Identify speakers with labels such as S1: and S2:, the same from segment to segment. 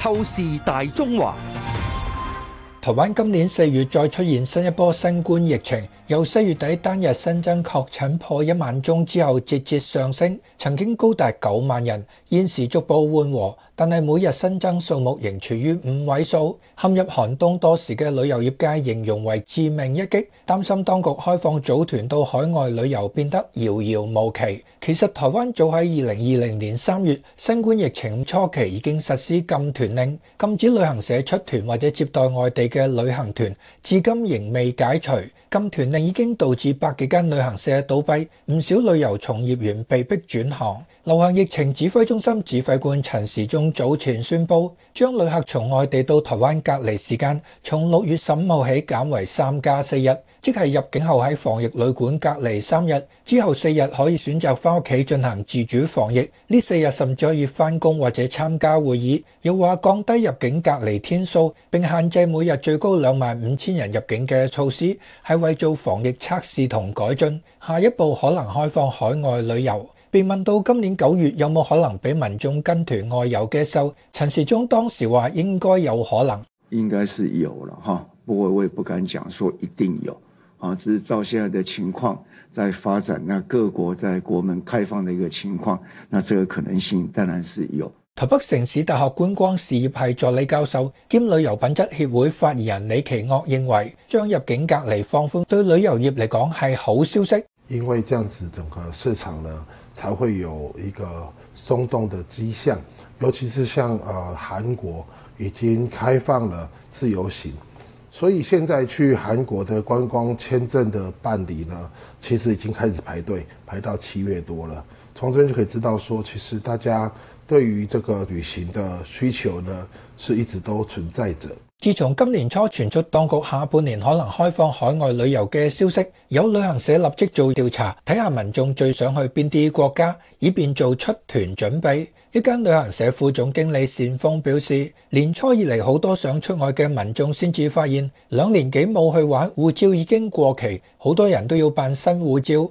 S1: 透視大中華，台灣今年四月再出現新一波新冠疫情，由四月底單日新增確診破一萬宗之後，節節上升，曾經高達九萬人，現時逐步緩和。但係每日新增數目仍處於五位數，陷入寒冬多時嘅旅遊業界形容為致命一擊，擔心當局開放組團到海外旅遊變得遙遙無期。其實台灣早喺2020年三月新冠疫情初期已經實施禁團令，禁止旅行社出團或者接待外地嘅旅行團，至今仍未解除。禁團令已經導致百幾間旅行社倒閉，唔少旅遊從業員被迫轉行。流行疫情指揮中心指揮官陳時中早前宣布，將旅客從外地到台灣隔離時間從六月十五號起減為三加四日，即係入境後喺防疫旅館隔離三日，之後四日可以選擇翻屋企進行自主防疫，呢四日甚至可以翻工或者參加會議。又話降低入境隔離天數，並限制每日最高兩萬五千人入境嘅措施係為做防疫測試同改進，下一步可能開放海外旅遊。被問到今年九月有冇可能俾民眾跟團外遊嘅時候，陳時中當時話應該有可能，應該是有了，不過我也不敢講，說一定有，啊，只是照現在嘅情況在發展，那各國在國門開放的一個情況，那這個可能性，當然是有。台北城市大學觀光事業系助理教授兼旅遊品質協會發言人李奇岳認為，將入境隔離放寬對旅遊業嚟講係好消息，因為這樣子整個市場呢才會有一個鬆動的跡象，尤其是像呃韓國已經開放了自由行，所以現在去韓國的觀光簽證的辦理呢，其實已經開始排隊，排到七月多了。從這邊就可以知道說，其實大家。對於這個旅行的需求呢，是一直都存在着。自從今年初傳出當局下半年可能開放海外旅遊嘅消息，有旅行社立即做調查，睇下民眾最想去邊啲國家，以便做出團準備。一間旅行社副總經理善鳳表示，年初以嚟好多想出外嘅民眾，先至發現兩年幾冇去玩，護照已經過期，好多人都要辦新護照。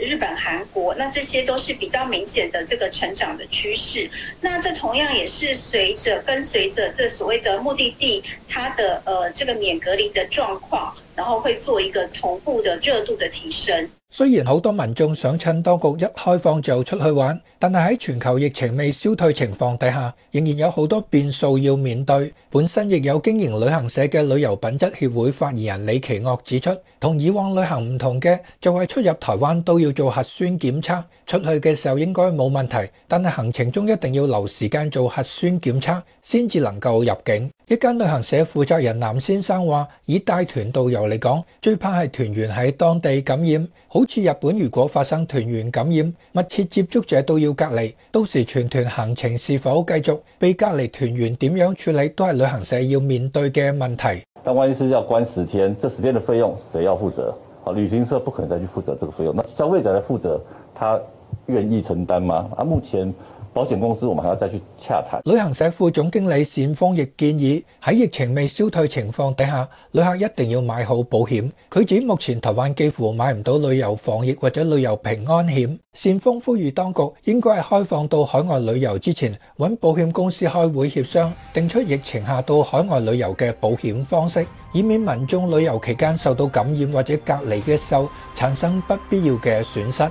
S2: 日本、韓國，那這些都是比較明顯的這個成長的趨勢。那這同樣也是隨着跟隨着這所謂的目的地，它的呃這個免隔離的狀況，然後會做一個同步的熱度的提升。
S1: 雖然好多民眾想趁當局一開放就出去玩，但係喺全球疫情未消退情況底下，仍然有好多變數要面對。本身亦有經營旅行社嘅旅遊品質協會發言人李奇岳指出。同以往旅行唔同嘅就係出入台灣都要做核酸檢測，出去嘅時候應該冇問題，但係行程中一定要留時間做核酸檢測先至能夠入境。一間旅行社負責人南先生話：以帶團導遊嚟講，最怕係團員喺當地感染，好似日本如果發生團員感染，密切接觸者都要隔離，到時全團行程是否繼續，被隔離團員點樣處理，都係旅行社要面對嘅問題。
S2: 那萬一是要關十天，這十天的費用誰要負責？好，旅行社不可能再去負責這個費用，那消費者來負
S1: 責，他願意承擔嗎？啊，目前。保險公司，我們還要再去洽談。旅行社副總經理善峰亦建議，喺疫情未消退情況底下，旅客一定要買好保險，佢指目前台灣幾乎買唔到旅遊防疫或者旅遊平安險。善峰呼籲當局應該係開放到海外旅遊之前，搵保險公司開會協商，定出疫情下到海外旅遊嘅保險方式，以免民眾旅遊期間受到感染或者隔離嘅受，產生不必要嘅損失。